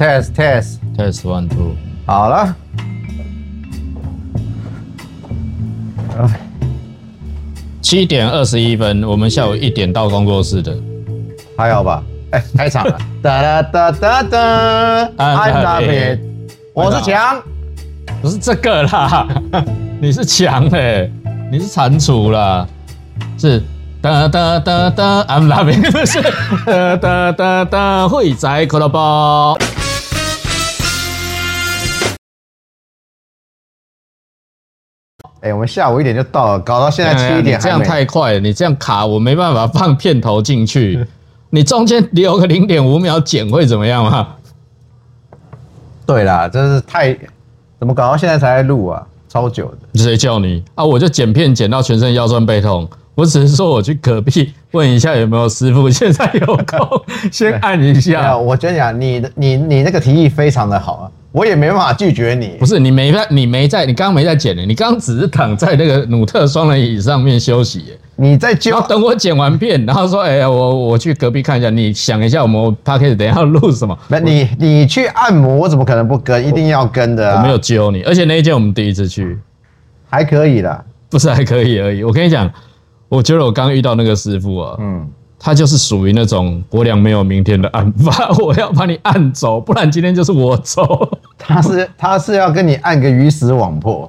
Test test test one two，好了。啊，七點二十一分，我們下午一點到工作室的，還好吧？哎、 欸，太長了。 噠噠噠噠 I'm loving 我是強、啊，不是這個啦， 你是強哎、欸，你是蟾蜍啦，是噠噠噠噠，I'm loving，不 是 噠，噠噠噠噠，會摘胡蘿蔔。哎、欸，我們下午一點就到了，搞到現在七點，這樣太快了。你這樣卡，我沒辦法放片頭進去。你中間留個零點五秒剪會怎麼樣啊？對啦，真是太怎麼搞到現在才錄啊，超久的。誰叫你啊？我就剪片剪到全身腰酸背痛。我只是說我去隔壁問一下有沒有師傅，現在有空 先按一下。我覺得你啊，你的你你那個提議非常的好啊。我也沒辦法拒絕你。不是你沒在，你沒在，你剛剛沒在剪呢。你剛只是躺在那個努特雙人椅上面休息。你在揪？等我剪完片，然後說：“哎、欸、呀，我我去隔壁看一下。”你想一下，我們 parking 等一下要錄什麼？那你，你去按摩，我怎麼可能不跟？一定要跟的啊。我沒有揪你，而且那一間我們第一次去，還可以的，不是還可以而已。我跟你講，我覺得我剛遇到那個師傅啊，嗯。他就是屬於那種我倆沒有明天的按法，我要把你按走，不然今天就是我走。他是他是要跟你按個魚死網破，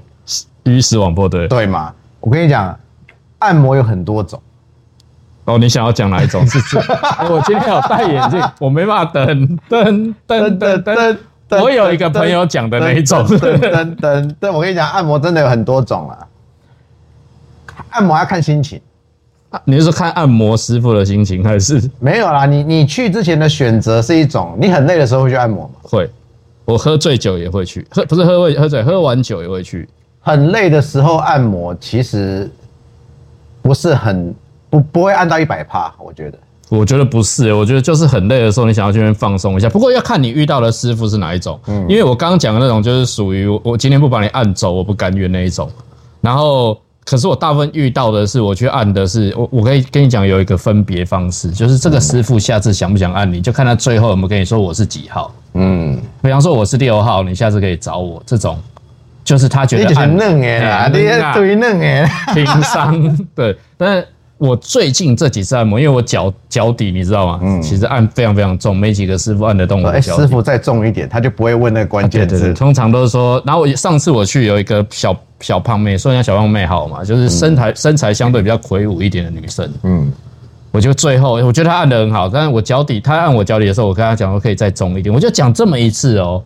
魚死網破，對對嗎？我跟你講，按摩有很多種。哦，你想要講哪一種？ 是 我今天有戴眼鏡，我沒辦法等等等等等。我有一個朋友講的那一種？等等等。我跟你講，按摩真的有很多種啊。按摩要看心情。你是說看按摩師傅的心情還是沒有啦？你你去之前的選擇是一種，你很累的時候會去按摩嗎？會，我喝醉酒也會去，喝不是喝醉，喝醉喝完酒也會去。很累的時候按摩，其實不是很不不會按到一百趴，我覺得，我覺得不是，我覺得就是很累的時候，你想要去那邊放鬆一下。不過要看你遇到的師傅是哪一種，嗯，因為我剛剛講的那種就是屬於我，我今天不把你按走，我不甘願那一種，然後。可是我大部分遇到的是，我去按的是我，我可以跟你講有一個分別方式，就是這個師傅下次想不想按你，就看他最後有沒有跟你說，我是幾號？嗯，比方說我是六號，你下次可以找我。這種就是他覺得嫩哎，你，的啦、嗯、你對嫩哎，平常對，但是。我最近這幾次按摩，因為我腳腳底你知道嗎？嗯，其實按非常非常重，沒幾個師傅按得動我腳、欸。師傅再重一點，他就不會問那個關鍵字、啊對對對。通常都是說。然後我上次我去有一個小小胖妹，說人家小胖妹好嘛，就是身材、嗯、身材相對比較魁梧一點的女生。嗯，我就最後我覺得她按得很好，但是我腳底她按我腳底的時候，我跟她講我可以再重一點，我就講這麼一次哦。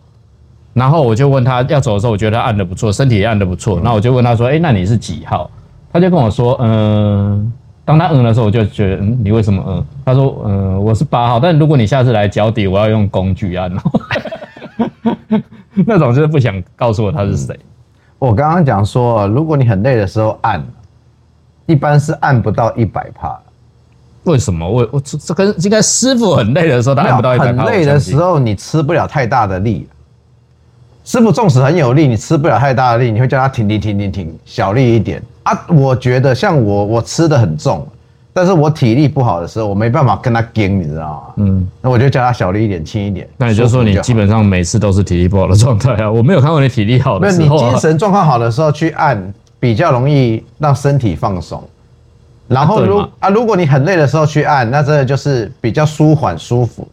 然後我就問她要走的時候，我覺得她按得不錯，身體也按得不錯。那、嗯、我就問她說：“哎、欸，那你是幾號？”她就跟我說：“嗯。”當他摁、嗯、的時候，我就覺得，嗯，你為什麼摁、嗯？他說，嗯、呃，我是八號。但如果你下次來腳底，我要用工具按哦。呵呵 那種就是不想告訴我他是誰、嗯。我剛剛講說，如果你很累的時候按，一般是按不到一百趴。為什麼？我我這這跟應該師傅很累的時候，他按不到一百趴。很累的時候，你吃不了太大的力。師傅縱使很有力，你吃不了太大的力，你會叫他停停停停停，小力一點啊。我覺得像我，我吃的很重，但是我體力不好的時候，我沒辦法跟他跟，你知道嗎？嗯，那我就叫他小力一點，輕一點。那也就說你是說、啊，你基本上每次都是體力不好的狀態啊。我沒有看過你體力好的時候、啊。你精神狀況好的時候去按，比較容易讓身體放鬆。然後如啊，啊，如果你很累的時候去按，那真的就是比較舒緩舒服。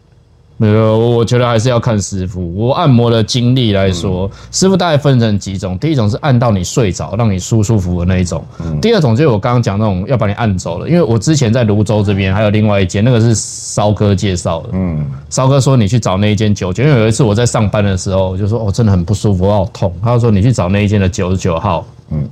沒、嗯、有，我覺得還是要看師傅。我按摩的經歷來說，嗯、師傅大概分成幾種。第一種是按到你睡着，讓你舒舒服服的那一種、嗯。第二種就是我剛剛講那種要把你按走了。因為我之前在蘆洲這邊還有另外一間，那個是騷哥介紹的。嗯，騷哥說你去找那一間九九，因為有一次我在上班的時候，我就說哦，真的很不舒服，我好痛。他就說你去找那一間的九十九號。嗯，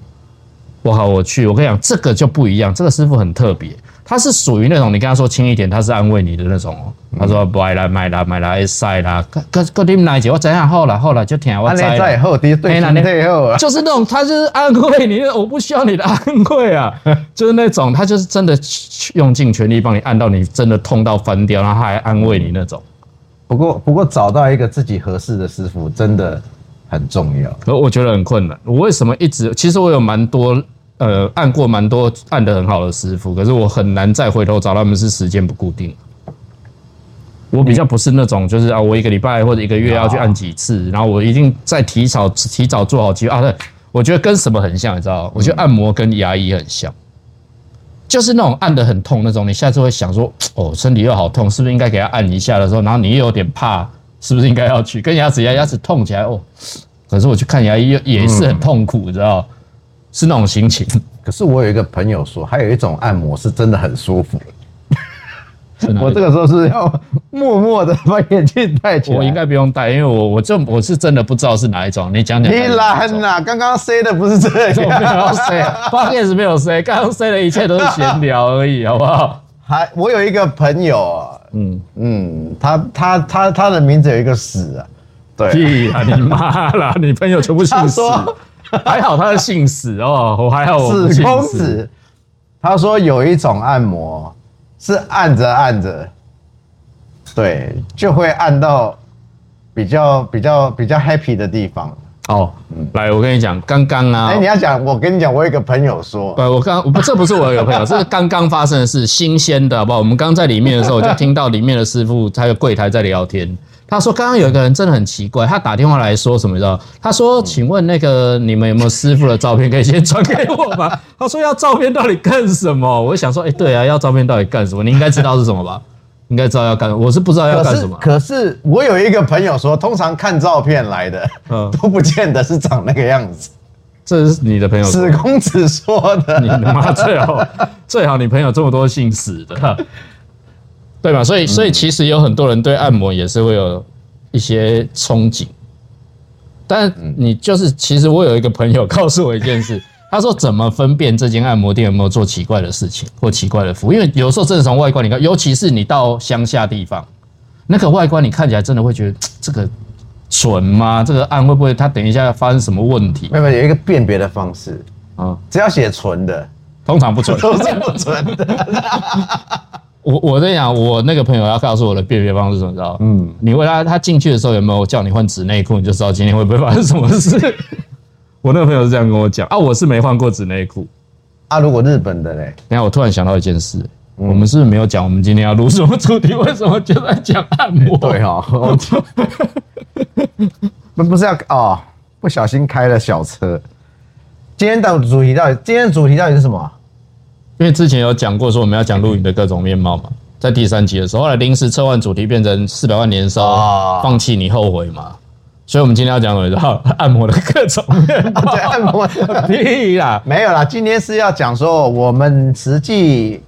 我好我去，我跟你講，這個就不一樣，這個師傅很特別。他是屬於那種你跟他說輕一點，他是安慰你的那種。他說，愛啦買啦買啦，曬啦，各各各你們來解我怎樣，後來後來就停我曬。退後，退後，對後，就是那種他就是安慰你， 我不需要你的安慰啊，就是那種他就是真的用盡全力幫你按到你真的痛到翻掉，然後他還安慰你那種。不過不過找到一個自己合適的師傅真的很重要，我覺得很困難。我為什麼一直？其實我有蠻多。呃，按過蠻多按得很好的師傅，可是我很難再回頭找他們，是時間不固定。我比較不是那種，就是啊，我一個禮拜或者一個月要去按幾次，哦、然後我一定再提早提早做好計劃啊。對，我覺得跟什麼很像，你知道？我覺得按摩跟牙醫很像，就是那種按得很痛那種。你下次會想說，哦，身體又好痛，是不是應該給他按一下的時候？然後你又有點怕，是不是應該要去跟牙齒牙牙齒痛起來？哦，可是我去看牙醫也是很痛苦，嗯、你知道？是那種心情， 可是我有一個朋友說，還有一種按摩是真的很舒服。 我這個時候是要默默的把眼鏡戴起來，我應該不用戴，因為我我這我是真的不知道是哪一種，你講講。你懶吶，剛剛塞的不是這種，沒有塞，半夜是沒有塞，剛剛塞的一切都是閒聊而已，好不好？還我有一個朋友、啊，嗯嗯，他他他他的名字有一個死啊，對，啊、你媽啦，你朋友全部姓死。還好他的姓死 哦，我還好我姓死。死公子，他說有一種按摩是按着按着，對，就會按到比較比較比較 happy 的地方。哦、嗯，來，我跟你講，剛剛啊，誒、欸、你要講，我跟你講，我有一個朋友說，對，我剛，不，這不是我有一個朋友， 這是剛剛發生的事，新鮮的，好不好？我們剛在裡面的時候，我就聽到裡面的師傅他有櫃檯在聊天。他說：“剛剛有一個人真的很奇怪，他打電話來說什麼你知道嗎？他說，請問那個你們有沒有師傅的照片可以先傳給我嗎？” 他說：“要照片到底幹什麼？”我想說：“哎、欸，對啊，要照片到底幹什麼？你應該知道是什麼吧？應該知道要幹，什麼。我是不知道要幹什麼、啊。可”可是我有一個朋友說，通常看照片來的，都不見得是長那個樣子。嗯、這是你的朋友史公子說的，你媽最好最好， 最好你朋友這麼多姓史的。對嘛？所以，所以其實有很多人對按摩也是會有一些憧憬，但你就是，其實我有一個朋友告訴我一件事，他說，怎麼分辨這間按摩店有沒有做奇怪的事情或奇怪的服務？因為有時候真的從外觀你看，尤其是你到鄉下地方，那個外觀你看起來真的會覺得這個純嗎？這個按會不會他等一下發生什麼問題？沒沒，有沒有有一個辨別的方式啊，嗯，只要寫純的，通常不純的通常不純的。 我我在想，我那個朋友要告訴我的辨別方式怎麼着？嗯，你問他他進去的時候有沒有叫你換紙內褲，你就知道今天會不會發生什麼事。 我那個朋友是這樣跟我講啊，我是沒換過紙內褲啊。如果日本的嘞，等下我突然想到一件事，嗯、我們是不是沒有講我們今天要錄什麼主題，嗯？為什麼就在講按摩？欸、對啊、哦，我們，哦、 不是要哦，不小心開了小車。今天的主題到底？今天主題到底是什麼？因為之前有講過說，我們要講露營的各種面貌嘛，在第三集的時候，後來臨時撤換主題變成四百萬年燒，放棄你後悔嘛？所以，我們今天要講什麼？按摩的各種面貌 對按摩的屁 啦，沒有啦，今天是要講說，我們實際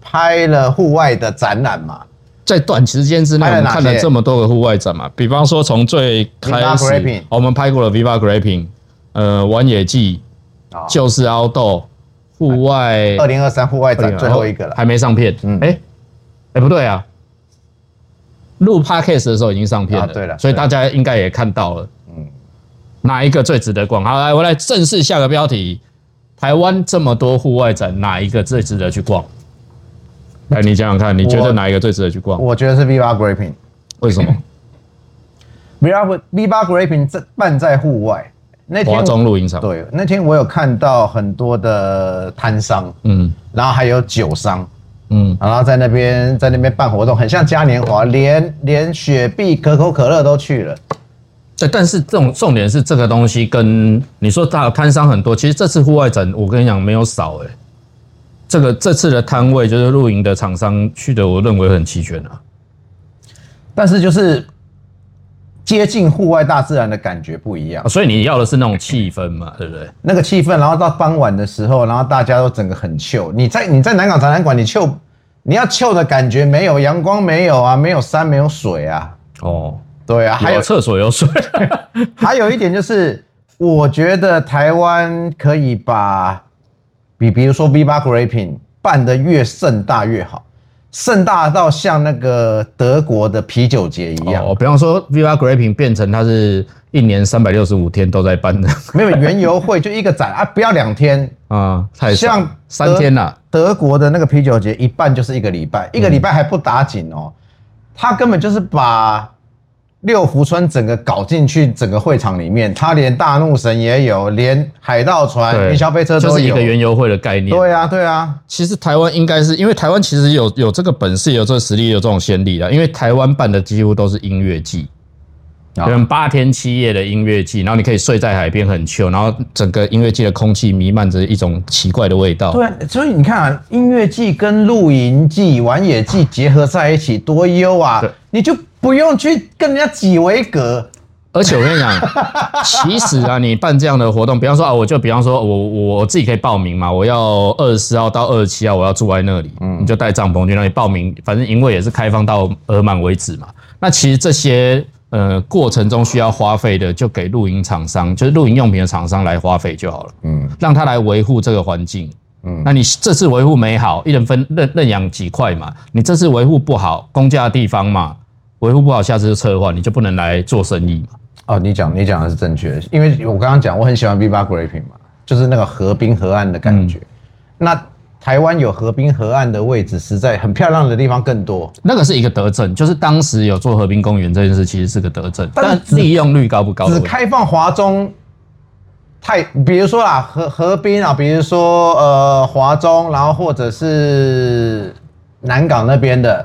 拍了戶外的展覽嘛，在短時間之內，我們看了這麼多的戶外展嘛，比方說從最開始我們拍過了 Viva Graping，呃，玩野技就是 outdoor 戶外二零二三戶外展最後一個了，還沒上片。嗯，哎，哎，不對啊，錄 Podcast 的時候已經上片了。對了，所以大家應該也看到了。嗯，哪一個最值得逛？好，來，我來正式下個標題：台灣這麼多戶外展，哪一個最值得去逛？來，你講講看，你覺得哪一個最值得去逛？我覺得是 V 八 Graping，為什麼？V 八 V 八 Graping 在辦在戶外。華中露營場，對，那天我有看到很多的攤商，嗯，然後還有酒商，嗯，然後在那邊在那邊辦活動，很像嘉年華，連連雪碧、可口可樂都去了。對，但是這重點是這個東西，跟你說他的攤商很多，其實這次戶外展我跟你講沒有少哎、欸，這個這次的攤位就是露營的廠商去的，我認為很齊全了、啊嗯，但是就是。接近戶外大自然的感覺不一樣。哦，所以你要的是那種氣氛嘛，對不對，對？那個氣氛，然後到傍晚的時候，然後大家都整個很糗。你在你在南港展覽館，你糗，你要糗的感覺沒有陽光，沒有啊，沒有山，沒有水啊。哦，對啊，有還有廁所有水。 還有一點就是，我覺得台灣可以把比比如說 V8 Graping 辦得越盛大越好。盛大到像那個德國的啤酒節一樣哦，比方說 Viva Graping 變成它是一年三百六十五天都在辦的，沒有園遊會就一個展 啊，不要兩天、嗯、天啊，太像三天了。德國的那個啤酒節一辦就是一個禮拜，一個禮拜還不打緊哦、嗯，他根本就是把。六福村整個搞進去，整個會場裡面，他連大怒神也有，連海盜船、雲霄飛車都有，這，就是一個園遊會的概念。對啊，對啊，其實台灣應該是，因為台灣其實有有這個本事，有這個實力，有這種先例啦，因為台灣辦的幾乎都是音樂季。有八天七夜的音樂祭，然後你可以睡在海邊很秋，然後整個音樂祭的空氣瀰漫着一種奇怪的味道。對、啊，所以你看啊，音樂祭跟露營季、玩野季結合在一起多優啊！你就不用去跟人家擠為格。而且我跟你講， 其實啊，你辦這樣的活動，比方說啊，我就比方說，我我自己可以報名嘛，我要二十四號到二十七號，我要住在那裡，嗯、你就帶帳篷去那裡報名，反正營位也是開放到額滿為止嘛。那其實這些。呃，過程中需要花費的，就給露營廠商，就是露營用品的廠商來花費就好了。嗯，讓他來維護這個環境。嗯，那你這次維護美好，一人分認認養幾塊嘛？你這次維護不好，公家的地方嘛，維護不好，下次就撤的話，你就不能來做生意嘛。哦，你講你講的是正確的，因為我剛剛講，我很喜歡 Viva Graping 嘛，就是那個河濱河岸的感覺。嗯、那。台灣有河濱河岸的位置，實在很漂亮的地方更多。那個是一個德政，就是當時有做河濱公園這件事，其實是個德政。但，但利用率高不高？只開放華中太，比如說啦河河濱啊，比如說呃華中，然後或者是南港那邊的，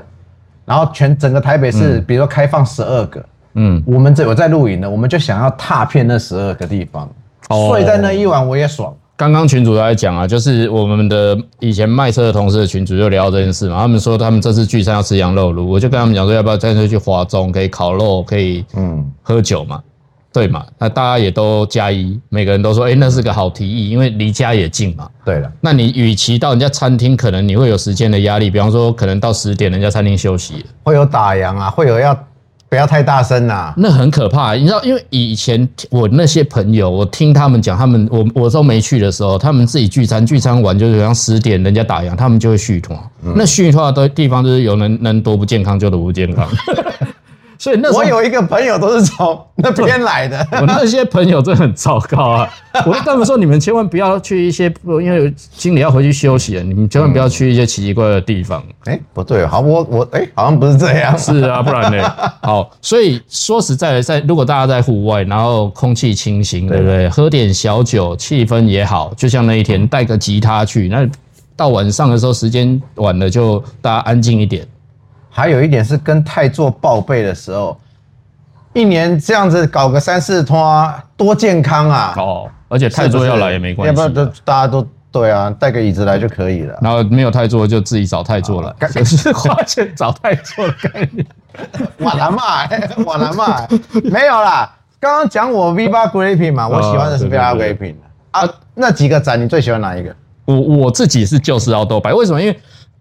然後全整個台北市，嗯、比如說開放十二個，嗯，我們只有在露營的，我們就想要踏遍那十二個地方，哦，睡在那一晚我也爽。剛剛群主在講啊，就是我們的以前賣車的同事的群主又聊到這件事嘛，他們說他們這次聚餐要吃羊肉爐，我就跟他們講說要不要再去華中，可以烤肉，可以嗯喝酒嘛，嗯、對嘛？那大家也都加一，每個人都說，誒、欸、那是個好提議，因為離家也近嘛。對了，那你與其到人家餐廳，可能你會有時間的壓力，比方說可能到十點人家餐廳休息，會有打烊啊，會有要。不要太大聲啦、啊，那很可怕。你知道，因為以前我那些朋友，我聽他們講，他們我我都沒去的時候，他們自己聚餐，聚餐完就是好像十點，人家打烊，他們就會續攤、嗯。那續攤的地方就是有人能，能多不健康，就多不健康。嗯 所以那時候我有一個朋友都是從那邊來的，我那些朋友真的很糟糕啊 我，我就跟他們說，你們千萬不要去一些不，因為有經理要回去休息，你們千萬不要去一些奇奇怪怪的地方。哎、嗯欸，不對，好，我我，哎、欸，好像不是這樣、啊。是啊，不然呢？好，所以說實在的，在，如果大家在戶外，然後空氣清新對，對不對？喝點小酒，氣氛也好。就像那一天帶個吉他去，那到晚上的時候，時間晚了，就大家安靜一點。還有一點是跟太座報備的時候，一年這樣子搞個三四趟，多健康啊！好、哦、而且太座要來也沒關係，要不然都大家都對啊，帶個椅子來就可以了、嗯。然後沒有太座就自己找太座了，可、啊、是花錢找太座的概念，瓦南嘛，瓦南嘛， 沒有啦。剛剛講我 V 八 g r a p p i n g 嘛、呃，我喜歡的是 V 八 g r a p p i n g 啊。那幾個展你最喜歡哪一個？我我自己是就是奧多白，為什麼？因為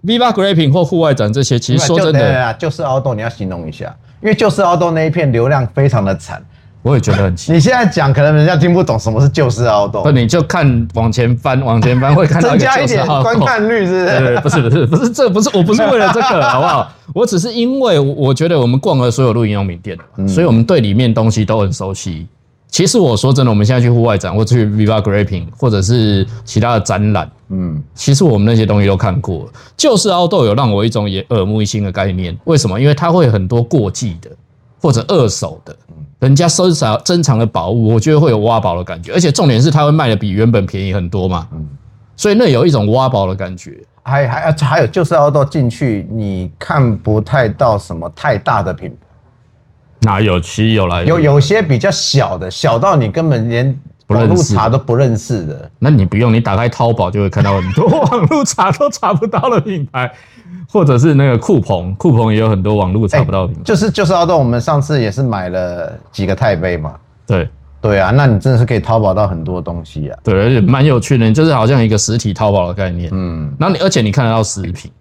Viva Graping 或戶外展這些，其實說真的，是就,就是凹洞你要形容一下，因為就是凹洞那一片流量非常的慘，我也覺得很奇怪， 你現在講可能人家聽不懂什麼是就是凹洞，不你就看往前翻，往前翻會看到一。 增加一點觀看率是,不是對對對？不是不是不是，這不是我不是為了這個 好不好？我只是因為我覺得我們逛了所有露營用品店、嗯，所以我們對裡面東西都很熟悉。其實我說真的，我們現在去戶外展，或者去 Viva Graping，或者是其他的展覽，嗯，其實我們那些東西都看過了。就是凹豆有讓我一種也耳目一新的概念。為什麼？因為它會有很多過季的，或者二手的，人家收藏珍藏的寶物，我覺得會有挖寶的感覺。而且重點是它會賣得比原本便宜很多嘛。嗯，所以那有一種挖寶的感覺。還還還有就是凹豆進去，你看不太到什麼太大的品牌。哪有七有來？有有些比較小的，小到你根本連網路查都不認識的。不認識嗎？那你不用，你打開淘寶就會看到很多網路查都查不到的品牌， 或者是那個酷澎，酷澎也有很多網路查不到的品牌。欸、就是就是阿棟，我們上次也是買了幾個鈦杯嘛。對對啊，那你真的是可以淘寶到很多東西啊。對，而且蠻有趣的，就是好像一個實體淘寶的概念。嗯，那你而且你看得到實品。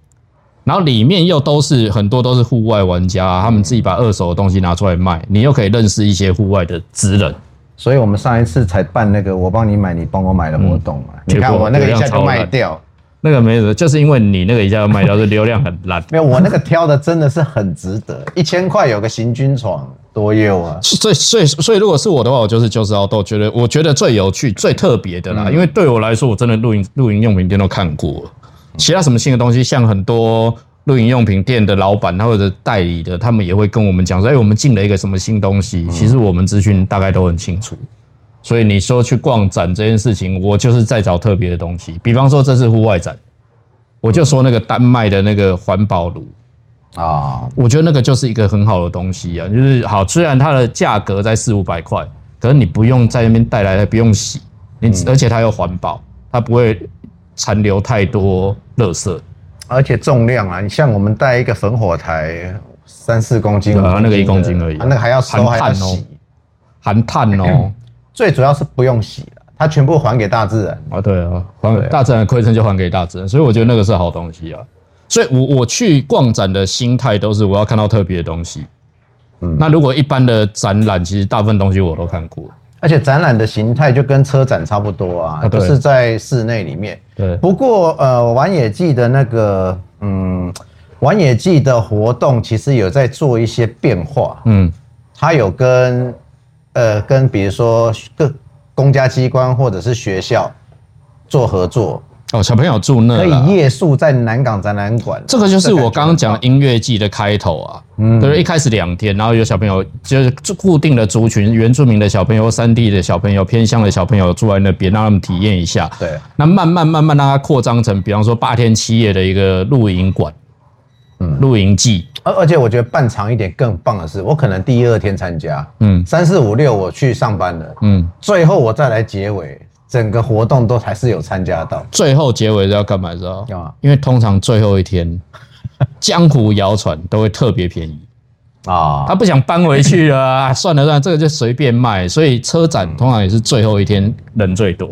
然後裡面又都是很多都是戶外玩家，啊，他們自己把二手的東西拿出來賣，你又可以認識一些戶外的職人。所以我們上一次才辦那個“我幫你買，你幫我買”的活動嘛，嗯。你看我那個一下就賣掉，那個沒什麼，就是因為你那個一下就賣掉， 是流量很爛。沒有，我那個挑的真的是很值得， 一千塊有個行軍床，多有啊！所以所以所以，所以如果是我的話，我就是就是要豆，覺得我覺得最有趣，最特別的啦。嗯，因為對我來說，我真的露營露營用品店都看過其他什麼新的東西，像很多露營用品店的老板，他或者代理的，他們也會跟我們講說：“哎，我們進了一個什麼新東西。”其實我們資訊大概都很清楚。所以你說去逛展這件事情，我就是在找特別的東西。比方說，這次戶外展，我就說那個丹麥的那個環保爐啊，我覺得那個就是一個很好的東西啊。就是好，雖然它的價格在四五百塊，可是你不用在那邊帶來的，不用洗，你而且它又環保，它不會。殘留太多垃圾，而且重量啊，你像我們帶一個焚火台，三四公斤吧、啊，那個一公斤而已、啊啊，那個還要，還要含碳哦、喔，含炭哦、喔，最主要是不用洗，它全部還給大自然啊，對啊，還給、啊、大自然，虧成就還給大自然，所以我覺得那個是好東西啊，所以我，我我去逛展的心態都是我要看到特別的東西，嗯，那如果一般的展覽，其實大部分東西我都看過而且展覽的形態就跟車展差不多啊，都、哦就是在室內裡面。對。不過，呃，玩野記的那個，嗯，玩野記的活動其實有在做一些變化。嗯。他有跟，呃，跟比如說各公家機關或者是學校做合作。哦，小朋友住那、啊、可以夜宿在南港展覽館、啊。這個就是我剛剛講音樂季的開頭啊，對、嗯，就是、一開始兩天，然後有小朋友就是固定的族群，原住民的小朋友、山地的小朋友、偏鄉的小朋友住在那邊，讓他們體驗一下。對，那慢慢慢慢讓他擴張成，比方說八天七夜的一個露營館，嗯，露營季。而而且我覺得辦長一點更棒的是，我可能第二天參加，嗯，三四五六我去上班了，嗯，最後我再來結尾。整個活動都還是有參加到，最後結尾是要幹嘛知道？Uh. 因為通常最後一天，江湖謠傳都會特別便宜啊。Uh. 他不想搬回去了啊，算了算了，這個就隨便賣。所以車展通常也是最後一天人最多，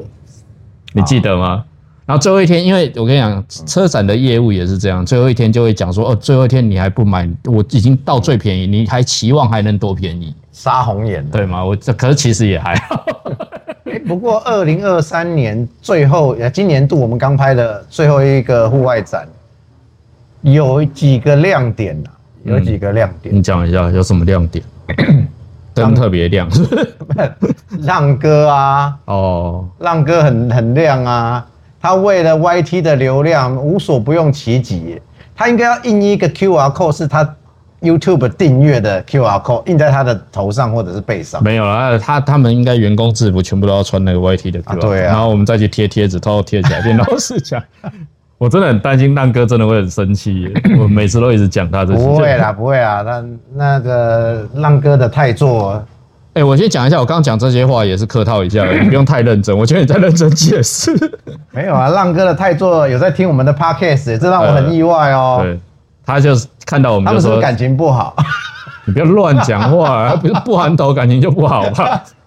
你記得嗎？Uh. 然後最後一天，因為我跟你講，車展的業務也是這樣，最後一天就會講說，哦，最後一天你還不買，我已經到最便宜，你還期望還能多便宜？殺紅眼，對嗎？我，可是其實也還好。 不過二零二三年最後，今年度我們剛拍的最後一個戶外展，有幾個亮點、啊、有幾個亮點，嗯、你講一下有什麼亮點？燈咳咳特別亮， 浪哥啊，哦、oh.，浪哥很很亮啊。他為了 YT 的流量無所不用其極，他應該要印一個 QR code 是他 YouTube 訂閱的 QR code，印在他的頭上或者是背上。沒有啦，他他們應該員工制服全部都要穿那個 YT 的 QR。啊，對啊。然後我們再去貼貼紙，偷偷貼起來，老實講，我真的很擔心浪哥真的會很生氣， 我每次都一直講他這些。不會啦，不會啊，那那個浪哥的太座。欸、我先講一下，我剛剛講這些話也是客套一下，你不用太認真。我覺得你在認真解釋，沒有啊？浪哥的太座有在聽我們的 Podcast，這讓我很意外哦、喔呃。對，他就是看到我們。他們說感情不好，你不要亂講話、啊，不 是不喊頭感情就不好吧？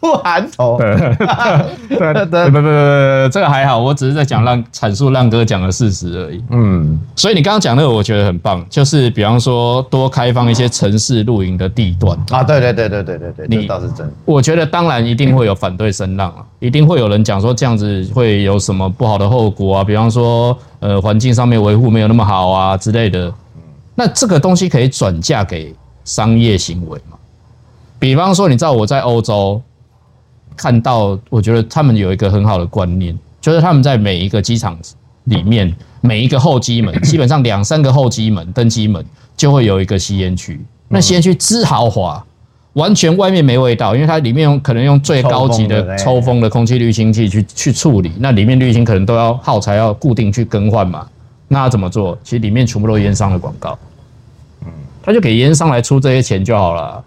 不含頭對對，對對對，不不不不不，這個還好，我只是在講讓闡述浪哥講的事實而已。嗯，所以你剛剛講那個我覺得很棒，就是比方說多開放一些城市露營的地段啊，對對對對對對對，你倒是真的，我覺得當然一定會有反對聲浪啊，一定會有人講說這樣子會有什麼不好的後果啊，比方說呃環境上面維護沒有那麼好啊之類的。那這個東西可以轉嫁給商業行為嗎？比方說，你知道我在歐洲看到，我覺得他們有一個很好的觀念，就是他們在每一個機場裡面，每一個候機門， 基本上兩三個候機門、登機門就會有一個吸煙區。那吸煙區之豪華，完全外面沒味道，因為它裡面可能用最高級的抽風的空氣濾清器去去處理，那裡面濾清可能都要耗材要固定去更換嘛。那要怎麼做？其實裡面全部都是煙商的廣告，嗯，他就給煙商來出這些錢就好了。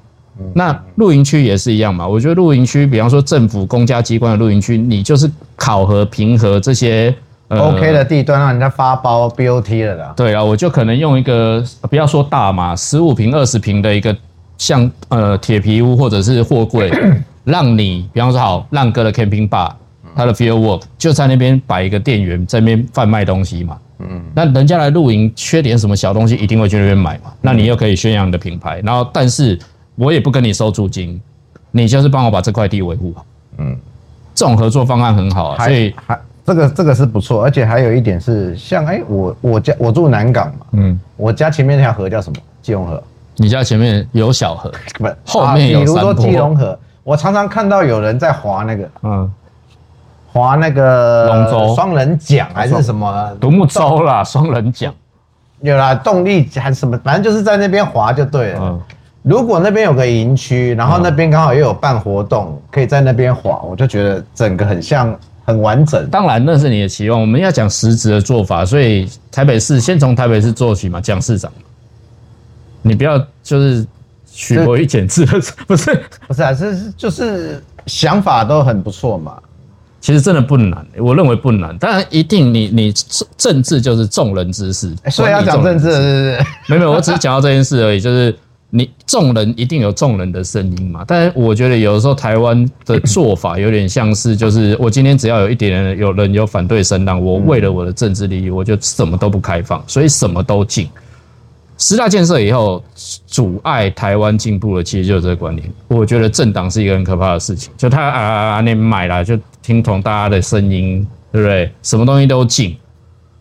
那露營區也是一樣嘛？我覺得露營區，比方說政府公家機關的露營區，你就是考核，評核這些、呃、OK 的地段，讓人家發包 BOT 的啦。對啊，我就可能用一個，不要說大嘛，十五坪、二十坪的一個像，像呃鐵皮屋或者是貨櫃咳咳，讓你比方說好浪哥的 camping bar，他的 field work 就在那邊擺一個店員在那邊販賣東西嘛。嗯，那人家來露營，缺點什麼小東西一定會去那邊買嘛、嗯。那你又可以宣揚你的品牌，然後但是。我也不跟你收租金，你就是幫我把這塊地維護好。嗯，這種合作方案很好、啊，所以還，還這個這個是不錯，而且還有一點是像哎、欸，我我家我住南港嘛，嗯，我家前面那條河叫什麼？基隆河。你家前面有小河，不後面有山、啊。比如說基隆河，我常常看到有人在划那個，嗯，划那個龍舟、雙人槳還是什麼獨木舟啦，雙人槳有啦，動力還是什麼，反正就是在那邊划就對了。嗯如果那邊有個營區，然後那邊剛好又有辦活動，嗯、可以在那邊劃，我就覺得整個很像很完整。當然那是你的期望，我們要講實質的做法，所以台北市先從台北市做起嘛，蔣市長，你不要就是曲博一剪字，不是不是啊，這是，是就是想法都很不錯嘛。其實真的不難，我認為不難。當然一定你你政治就是眾人之事、欸，所以要講政治是。沒有 沒有，我只是講到這件事而已，就是。你眾人一定有眾人的聲音嘛，但我覺得有時候台灣的做法有點像是，就是我今天只要有一點人有人有反對聲浪，我為了我的政治利益，我就什麼都不開放，所以什麼都禁。十大建設以後阻礙台灣進步的其實就是這個觀點。我覺得政黨是一個很可怕的事情，就他啊啊啊你買啦，就聽從大家的聲音，對不對？什麼東西都禁，禁，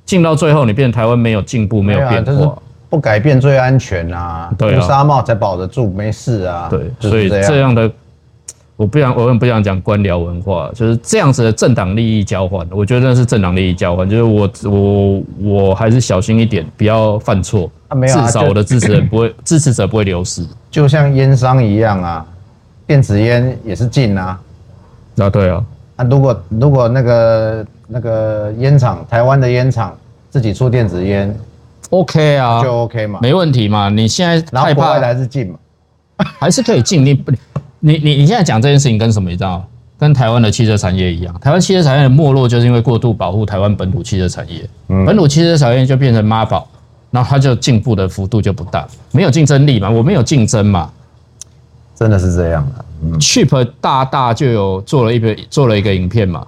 禁到最後你變成台灣沒有進步，沒有變化，啊。不改變最安全吶、啊，對紗、啊、帽才保得住，沒事啊。對，就是、所以這樣的我不想，我很不想講官僚文化，就是這樣子的政黨利益交換，我覺得那是政黨利益交換。就是我我我還是小心一點，不要犯錯、啊啊，至少我的支持人不會 支持者不會流失。就像菸商一樣啊，電子菸也是禁啊。那、啊、對啊，啊，如果如果那個那個菸廠，台灣的菸廠自己出電子菸。OK 啊，就 OK 嘛，沒問題嘛。你現在怕，然後國外的還是進嘛，還是可以進。你你你你現在講這件事情跟什麼你知道？跟台灣的汽車產業一樣。台灣汽車產業的沒落就是因為過度保護台灣本土汽車產業，嗯，本土汽車產業就變成媽寶，然後它就進步的幅度就不大，沒有競爭力嘛，我沒有競爭嘛，真的是這樣的，啊。嗯、Cheap 大大就有做了一個做了一個影片嘛，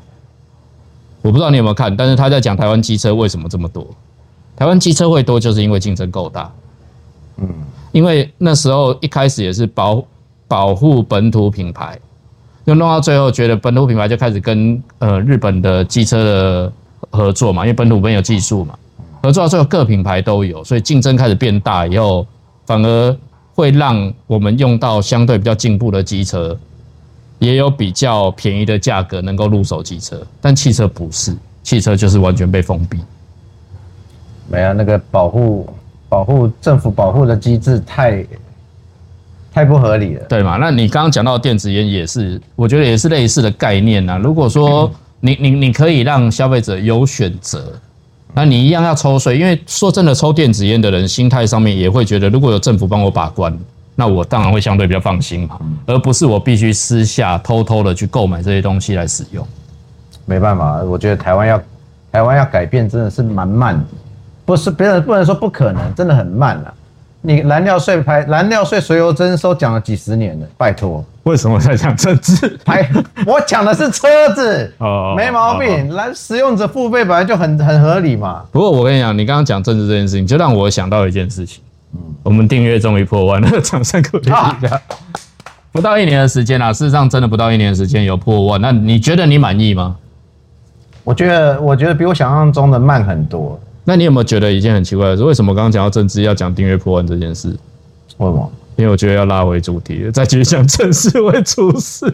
我不知道你有沒有看，但是他在講台灣機車為什麼這麼多。台灣機車會多，就是因為競爭夠大，嗯，因為那時候一開始也是保保護本土品牌，就弄到最後覺得本土品牌就開始跟呃日本的機車的合作嘛，因為本土沒有技術嘛，合作到最後各品牌都有，所以競爭開始變大以後，反而會讓我們用到相對比較進步的機車，也有比較便宜的價格能夠入手機車，但汽車不是，汽車就是完全被封閉。沒有那個保護、保護政府保護的機制太，太太不合理了，對嘛？那你剛剛講到電子菸也是，我覺得也是類似的概念吶、啊。如果說你、嗯、你、你、你可以讓消費者有選擇，那你一樣要抽稅，因為說真的，抽電子菸的人心態上面也會覺得，如果有政府幫我把關，那我當然會相對比較放心嘛，而不是我必須私下偷偷的去購買這些東西來使用。沒辦法，我覺得台灣要台灣要改變真的是蠻慢。不是別人不，不能說不可能，真的很慢了、啊。你燃料稅排燃料稅隨油徵收講了幾十年了，拜托，為什麼在講政治？排 我講的是車子，哦、oh,，沒毛病。燃、oh, 使、oh. 用者付費本來就很很合理嘛。不過我跟你講，你剛剛講政治這件事情，就讓我想到一件事情。嗯、我們訂閱終於破萬了，掌聲鼓勵一下。Oh. 不到一年的時間啦、啊，事實上真的不到一年的時間有破萬，那你覺得你滿意嗎？我覺得我覺得比我想象中的慢很多。那你有沒有覺得一件很奇怪的事，為什麼剛剛講到政治要講訂閱破萬這件事？為什麼？因為我覺得要拉回主題，再繼續講政治會出事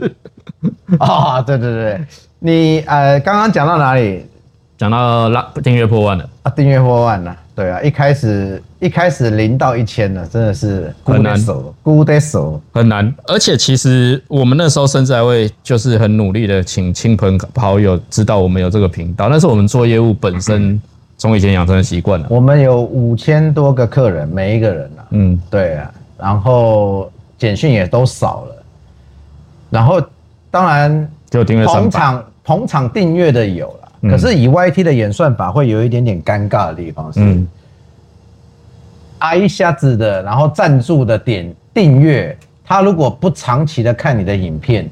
啊、哦！對對對，你呃，剛剛講到哪裡？講到訂閱破萬了啊！訂閱破萬了、啊，對啊，一開始一開始零到一千了真的是孤很難孤得手，孤得手，很難。而且其實我們那時候甚至還會就是很努力的，請親朋好友知道我們有這個頻道。但是我們做業務本身嗯嗯。從以前養成的習慣了。我們有五千多個客人，每一個人吶、啊，嗯，對啊，然後簡訊也都少了，然後當然就聽捧場訂閱、捧場訂閱的有了，嗯、可是以 Y T 的演算法會有一點點尷尬的地方是，嗯、挨一下子的，然後贊助的點訂閱，他如果不長期的看你的影片，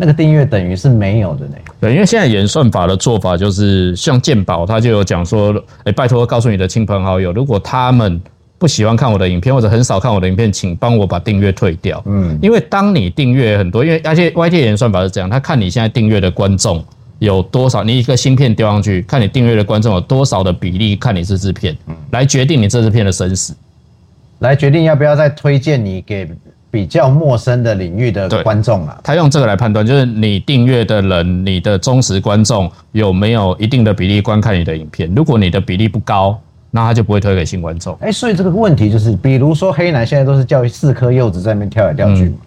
那個訂閱等於是沒有的呢。對，因為現在演算法的做法就是，像健保他就有講說，欸、拜托告訴你的親朋好友，如果他們不喜歡看我的影片或者很少看我的影片，請幫我把訂閱退掉。嗯，因為當你訂閱很多，因為而且 YT 演算法是這樣，他看你現在訂閱的觀眾有多少，你一個新片丟上去，看你訂閱的觀眾有多少的比例，看你這支片、嗯，來決定你這支片的生死，來決定要不要再推薦你給。比較陌生的領域的觀眾啊，他用這個來判斷，就是你訂閱的人，你的忠實觀眾有沒有一定的比例觀看你的影片？如果你的比例不高，那他就不會推給新觀眾。哎、欸，所以這個問題就是，比如說黑男現在都是叫四顆柚子在那邊跳來跳去、嗯、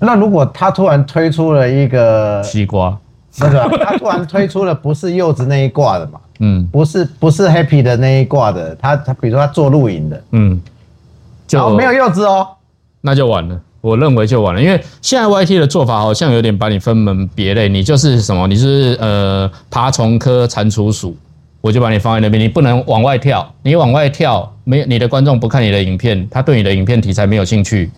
那如果他突然推出了一個西瓜，那個他突然推出了不是柚子那一掛的嘛？嗯，不是不是 happy 的那一掛的，他他比如說他做露營的，嗯，哦沒有柚子哦。那就完了，我認為就完了，因為現在 Y T 的做法好像有點把你分門別類，你就是什麼，你是呃爬蟲科蟾蜍屬，我就把你放在那邊，你不能往外跳，你往外跳沒你的觀眾不看你的影片，他對你的影片題材沒有興趣，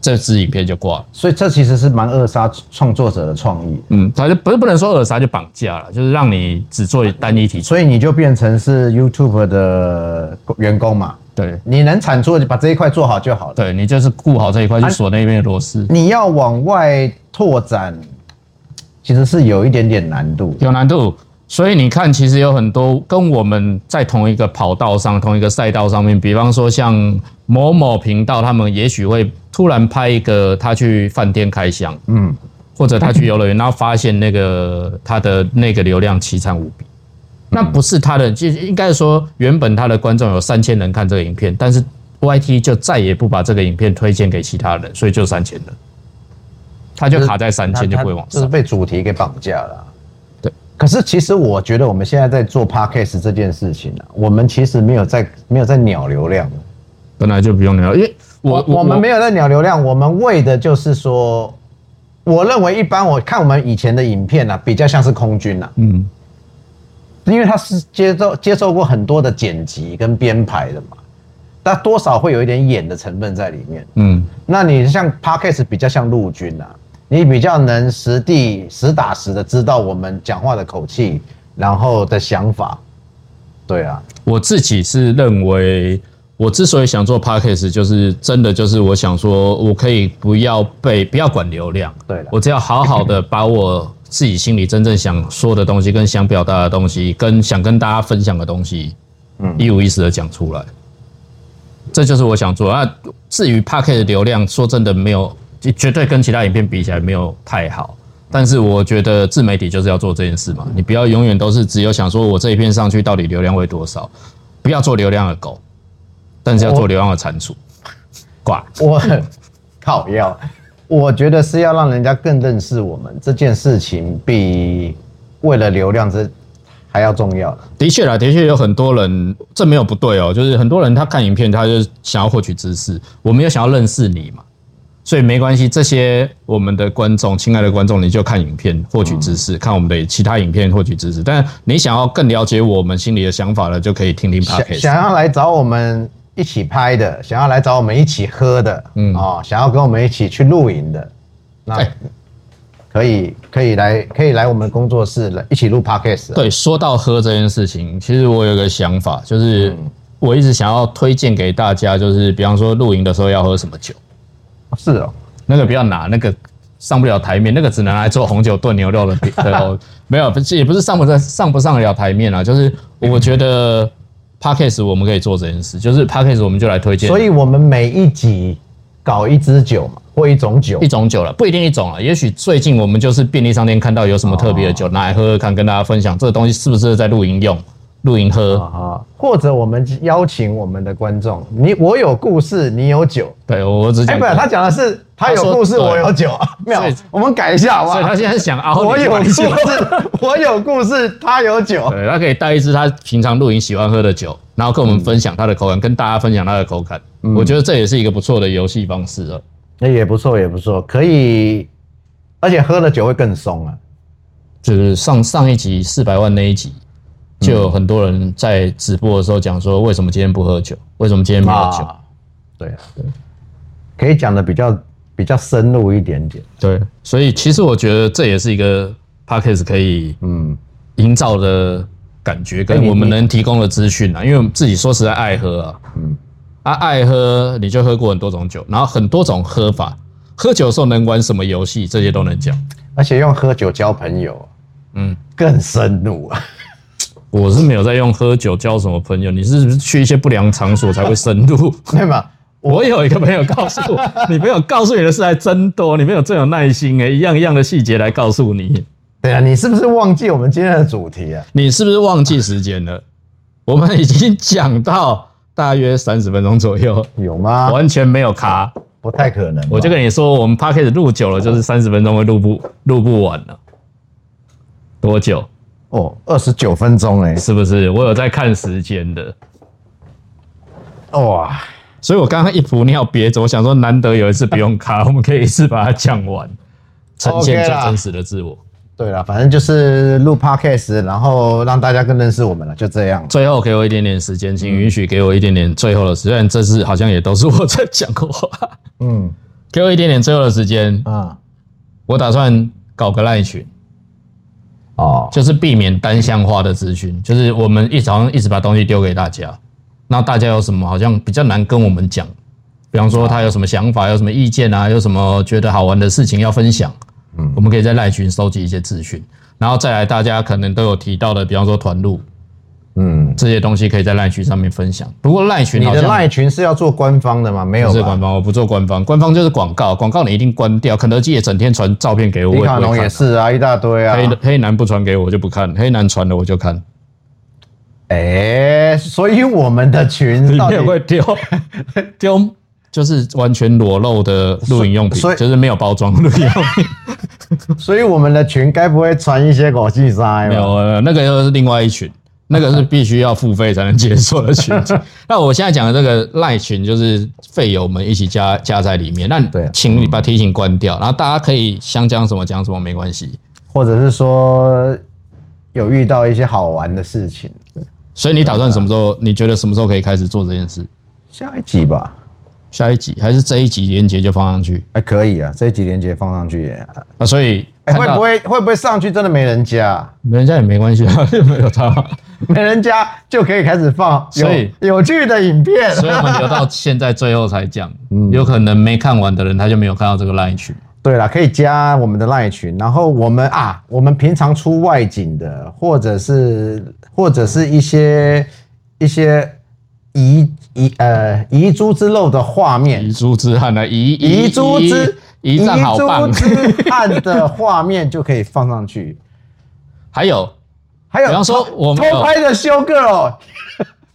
這支影片就掛了，所以這其實是蠻扼殺創作者的創意，嗯，他就不是不能說扼殺，就綁架了，就是讓你只做單一題材，所以你就變成是 YouTube 的員工嘛。對，你能產出的就把這一塊做好就好了。對，你就是顧好這一塊，就鎖那邊的螺絲、啊。你要往外拓展，其實是有一點點難度。有難度，所以你看，其實有很多跟我們在同一個跑道上、同一個賽道上面，比方說像某某頻道，他們也許會突然拍一個他去飯店開箱，嗯，或者他去遊樂園， 然後發現那個他的那個流量奇慘無比。那不是他的，就應該說，原本他的觀眾有三千人看這個影片，但是 YT 就再也不把這個影片推薦給其他人，所以就三千人，他就卡在三千就不會往上。這是被主題給綁架了啊。對。可是其實我覺得我們現在在做 Podcast 這件事情呢啊，我們其實沒有在沒有在鳥流量。本來就不用鳥，因為我我，我，我們沒有在鳥流量，我們為的就是說，我認為一般我看我們以前的影片呢啊，比較像是空軍了啊，嗯。因為他是接受接受過很多的剪輯跟編排的嘛，那多少會有一點演的成分在裡面。嗯，那你像 Podcast 比較像陸軍吶、啊，你比較能實地實打實的知道我們講話的口氣，然後的想法。對啊，我自己是認為，我之所以想做 Podcast，就是真的就是我想說，我可以不要被不要管流量，對了，我只要好好的把我。 自己心裡真正想說的東西，跟想表達的東西，跟想跟大家分享的東西，嗯，一五一十的講出來，這就是我想做。那至於 Podcast 的流量，說真的沒有，絕對跟其他影片比起來沒有太好。但是我覺得自媒體就是要做這件事嘛，你不要永遠都是只有想說我這一片上去到底流量會多少，不要做流量的狗，但是要做流量的產出，掛我很靠不要。我覺得是要讓人家更認識我們這件事情，比為了流量這還要重要的。的確啦，的確有很多人，這沒有不對哦、喔。就是很多人他看影片，他就想要獲取知識。我們又想要認識你嘛，所以沒關係。這些我們的觀眾，親愛的觀眾，你就看影片獲取知識、嗯，看我們的其他影片獲取知識。但你想要更了解我們心裡的想法呢，就可以聽聽 podcast。想，想要來找我們。一起拍的，想要來找我們一起喝的，嗯啊、哦，想要跟我們一起去露營的，那可以、欸，可以來可以來我們工作室來一起錄 Podcast。對，說到喝這件事情，其實我有個想法，就是我一直想要推薦給大家，就是比方說露營的時候要喝什麼酒。是哦、喔，那個比較難，那個上不了台面，那個只能來做紅酒燉牛肉的 對料。沒有，不是也不是上不上，上不上得了台面啊，就是我覺得。Podcast 我們可以做這件事，就是 Podcast 我們就來推薦，所以我們每一集搞一支酒嘛，或一種酒，一種酒了，不一定一種了，也許最近我們就是便利商店看到有什麼特別的酒，哦，拿來喝喝看，跟大家分享這個東西是不是在露營用。露營喝啊、哦，或者我們邀請我們的觀眾，你我有故事，你有酒，對我只講。哎、欸，不，他講的是他有故事，我有酒啊，沒有，我們改一下好不好？所以，他現在想，我有故事， 我有故事，他有酒，對，他可以帶一支他平常露營喜歡喝的酒，然後跟我們分享他的口感，嗯、跟大家分享他的口感。嗯、我覺得這也是一個不錯的遊戲方式啊，那也不錯，也不錯，可以，而且喝的酒會更鬆、啊、就是上上一集四百萬那一集。就有很多人在直播的時候講說，為什麼今天不喝酒？為什麼今天沒有酒？啊？對啊，對，可以講的比較比較深入一點點。對，所以其實我覺得這也是一個 podcast 可以嗯營造的感覺，跟我們能提供的資訊啊，因為我們自己說實在愛喝啊，嗯啊愛喝，你就喝過很多種酒，然後很多種喝法，喝酒的時候能玩什麼遊戲，這些都能講，而且用喝酒交朋友，嗯，更深入啊。我是沒有在用喝酒交什麼朋友，你是不是去一些不良場所才會深入？對吧？我有一個朋友告訴我， 你朋友告訴你的事還真多，你朋友真有耐心哎、欸，一樣一樣的細節來告訴你。對啊，你是不是忘記我們今天的主題啊？你是不是忘記時間了？我們已經講到大約三十分鐘左右，有嗎？完全沒有卡，不太可能。我就跟你說，我們 podcast 錄久了就是三十分鐘會錄不錄不完了，多久？哦，二十九分鐘哎、欸，是不是？我有在看時間的，哇！所以我剛剛一補尿憋着，我想說難得有一次不用卡， 我們可以一次把它講完，呈現最真實的自我。Okay、啦對了，反正就是錄 podcast，然後讓大家更認識我們了，就這樣。最後給我一點點時間，請允許給我一點點最後的時間。嗯、雖然這次好像也都是我在講過話，嗯，給我一點點最後的時間啊！我打算搞個賴群。哦，就是避免單向化的資訊，就是我們一早上一直把東西丟給大家，那大家有什麼好像比較難跟我們講，比方說他有什麼想法，有什麼意見啊、有什麼覺得好玩的事情要分享，嗯，我們可以在賴群收集一些資訊，然後再來大家可能都有提到的，比方說團露。嗯，這些東西可以在 Line 群上面分享。不過 Line 群好像，你的 Line 群是要做官方的嗎？沒有，不是官方，我不做官方。官方就是廣告，廣告你一定關掉。肯德基也整天傳照片給我，我龍也是啊也，一大堆啊。黑黑男不傳給我就不看，黑男傳了我就看。哎、欸，所以我們的群到底會丟丢，就是完全裸露的露營用品，就是沒有包裝露營用品。 所以我們的群該不會傳一些國際衫？沒有，沒有，那個又是另外一群。那個是必須要付費才能解鎖的群體， 那我現在講的這個 Line 群就是廢友們一起加加在裡面。那，請你把提醒關掉，啊嗯、然後大家可以想講什麼講什麼沒關係，或者是說有遇到一些好玩的事情。對，所以你打算什麼時候？你覺得什麼時候可以開始做這件事？下一集吧，嗯、下一集還是這一集鏈接就放上去？還、欸、可以啊，這一集鏈接放上去啊。所以、欸、會不會會不會上去真的沒人加？沒人加也沒關係啊， 又沒有他。沒人加就可以開始放有，有有趣的影片，所以我們留到現在最後才講。 嗯、有可能沒看完的人，他就沒有看到這個 Line 群。對了，可以加我們的 Line 群。然後我們啊，我們平常出外景的，或者是或者是一些一些遺遺呃遺珠之漏的畫面，遺珠之憾的遺遺遺珠之遺珠之憾的畫面就可以放上去。 還有。還有，比方說我們偷拍的修個哦，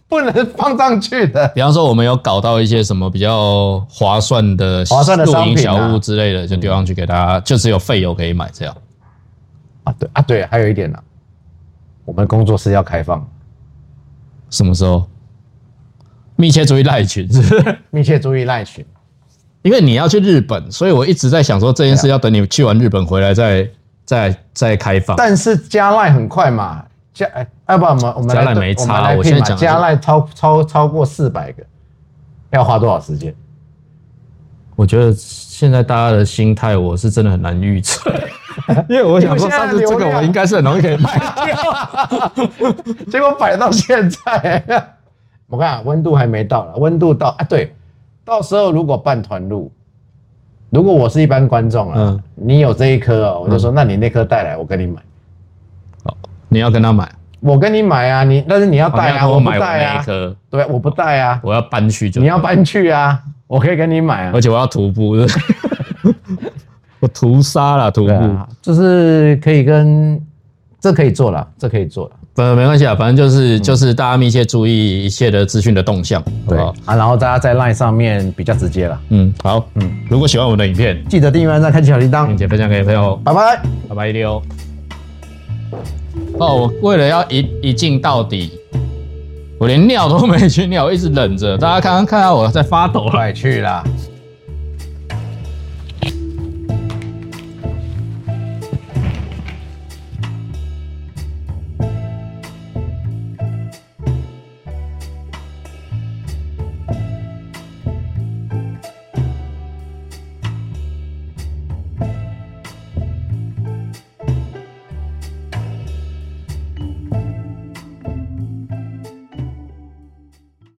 不能放上去的。比方說我們有搞到一些什麼比較划算的、划算的小物之類的，就丟上去給大家，就只有廢友可以買這樣。啊對啊對，還有一點呢，我們工作室要開放，什麼時候？密切注意 Line 群，是不是？密切注意 Line 群，因為你要去日本，所以我一直在想說這件事要等你去完日本回來再。再再開放，但是加 Line 很快嘛？加哎、啊、不，我們我們加沒差，我們來拼加 Line 超超超過四百個，要花多少時間？我覺得現在大家的心態，我是真的很難預測、啊，因為我想說上次這個我應該是很容易可以賣掉， 結果擺到現在，我看溫度還沒到了，溫度到啊？對，到時候如果半團露。如果我是一般觀眾啊、嗯，你有這一顆哦，我就說，那你那顆帶來，我跟你買、嗯嗯。你要跟他買，我跟你買啊，你但是你要帶啊，啊，啊，我不帶啊。對，我不帶啊，我要搬去就。你要搬去啊，我可以跟你買、啊，而且我要徒步的， 我屠殺了徒步、啊，就是可以跟，這可以做了，這可以做了。不、嗯，沒關係啊，反正就是、嗯、就是大家密切注意一切的資訊的動向，對好好啊，然後大家在 line 上面比較直接了，嗯，好，嗯，如果喜歡我們的影片，記得訂閱、按讚、開啟小鈴鐺，並、嗯、且、嗯、分享給朋友，拜拜，拜拜，一溜。哦，我為了要一一鏡到底，我連尿都沒去尿，我一直忍着，大家剛剛看到我在發抖了，去啦。